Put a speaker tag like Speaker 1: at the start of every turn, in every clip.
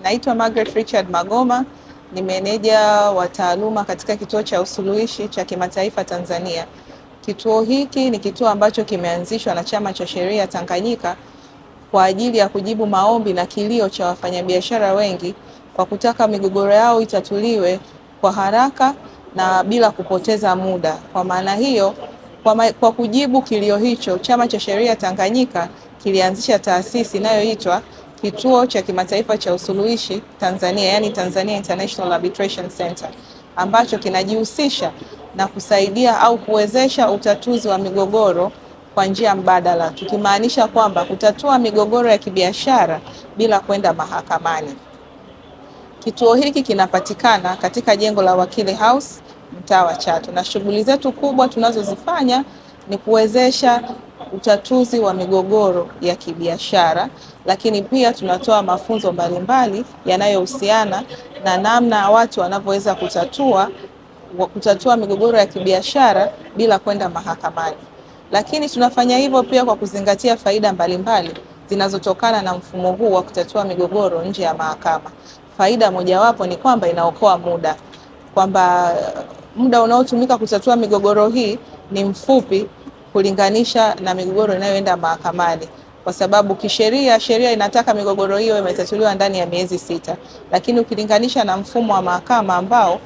Speaker 1: Naitwa Margaret Richard Magoma, ni meneja wa taaluma katika kituo cha usuluhishi cha kimataifa Tanzania. Kituo hiki ni kituo ambacho kimeanzishwa na Chama cha Sheria Tanganyika kwa ajili ya kujibu maombi na kilio cha wafanyabiashara wengi kwa kutaka migogoro yao itatuliwe kwa haraka na bila kupoteza muda. Kwa maana hiyo, kwa, ma kwa kujibu kilio hicho, Chama cha Sheria Tanganyika kilianzisha taasisi inayoitwa kituo cha kimataifa cha usuluhishi Tanzania, yani Tanzania International Arbitration Center ambacho kinajihusisha na kusaidia au kuwezesha utatuzi wa migogoro kwa njia mbadala, tukimaanisha kwamba kutatua migogoro ya kibiashara bila kwenda mahakamani. Kituo hiki kinapatikana katika jengo la Wakili House mtaa wa Chato, na shughuli zetu kubwa tunazozifanya ni kuwezesha utatuzi wa migogoro ya kibiashara, lakini pia tunatoa mafunzo mbalimbali yanayohusiana na namna watu wanavyoweza kutatua kutatua migogoro ya kibiashara bila kwenda mahakamani. Lakini tunafanya hivyo pia kwa kuzingatia faida mbalimbali zinazotokana na mfumo huu wa kutatua migogoro nje ya mahakama. Faida mojawapo ni kwamba inaokoa muda, kwamba eh, muda unaotumika kutatua migogoro hii ni mfupi kulinganisha na migogoro inayoenda mahakamani kwa sababu kisheria sheria inataka migogoro hiyo imetatuliwa ndani ya miezi sita, lakini ukilinganisha na mfumo wa mahakama ambao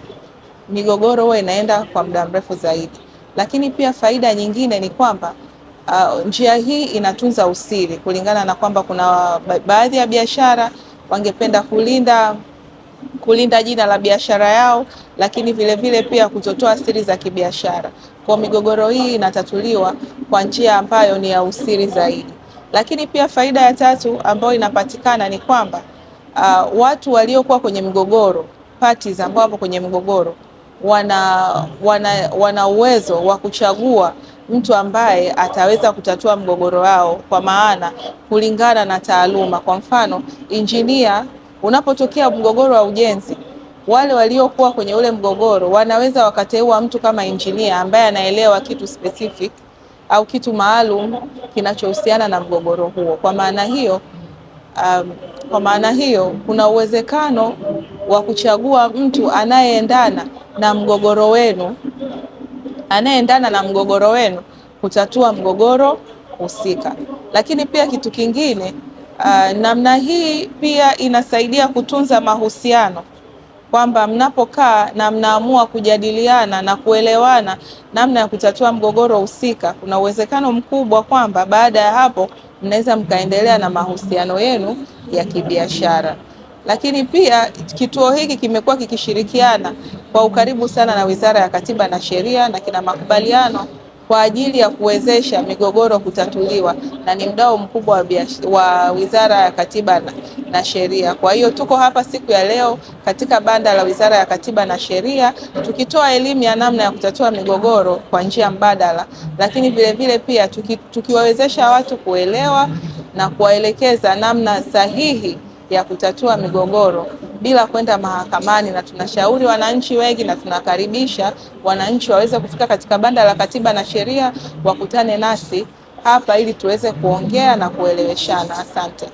Speaker 1: migogoro huwa inaenda kwa muda mrefu zaidi. Lakini pia faida nyingine ni kwamba uh, njia hii inatunza usiri, kulingana na kwamba kuna baadhi ya biashara wangependa kulinda kulinda jina la biashara yao, lakini vilevile vile pia kutotoa siri za kibiashara. Kwa migogoro hii inatatuliwa kwa njia ambayo ni ya usiri zaidi. Lakini pia faida ya tatu ambayo inapatikana ni kwamba uh, watu waliokuwa kwenye mgogoro, parties ambao wapo kwenye mgogoro wana wana wana uwezo wa kuchagua mtu ambaye ataweza kutatua mgogoro wao kwa maana kulingana na taaluma. Kwa mfano injinia unapotokea mgogoro wa ujenzi, wale waliokuwa kwenye ule mgogoro wanaweza wakateua mtu kama injinia ambaye anaelewa kitu specific au kitu maalum kinachohusiana na mgogoro huo. Kwa maana hiyo um, kwa maana hiyo kuna uwezekano wa kuchagua mtu anayeendana na mgogoro wenu anayeendana na mgogoro wenu kutatua mgogoro husika. Lakini pia kitu kingine Uh, namna hii pia inasaidia kutunza mahusiano kwamba mnapokaa na mnaamua kujadiliana na kuelewana namna ya kutatua mgogoro husika, kuna uwezekano mkubwa kwamba baada ya hapo mnaweza mkaendelea na mahusiano yenu ya kibiashara. Lakini pia kituo hiki kimekuwa kikishirikiana kwa ukaribu sana na Wizara ya Katiba na Sheria na kina makubaliano kwa ajili ya kuwezesha migogoro kutatuliwa na ni mdau mkubwa wa Wizara ya Katiba na, na Sheria. Kwa hiyo tuko hapa siku ya leo katika banda la Wizara ya Katiba na Sheria tukitoa elimu ya namna ya kutatua migogoro kwa njia mbadala, lakini vilevile pia tuki, tukiwawezesha watu kuelewa na kuwaelekeza namna sahihi ya kutatua migogoro bila kwenda mahakamani, na tunashauri wananchi wengi na tunakaribisha wananchi waweze kufika katika Banda la Katiba na Sheria wakutane nasi hapa ili tuweze kuongea na kueleweshana. Asante.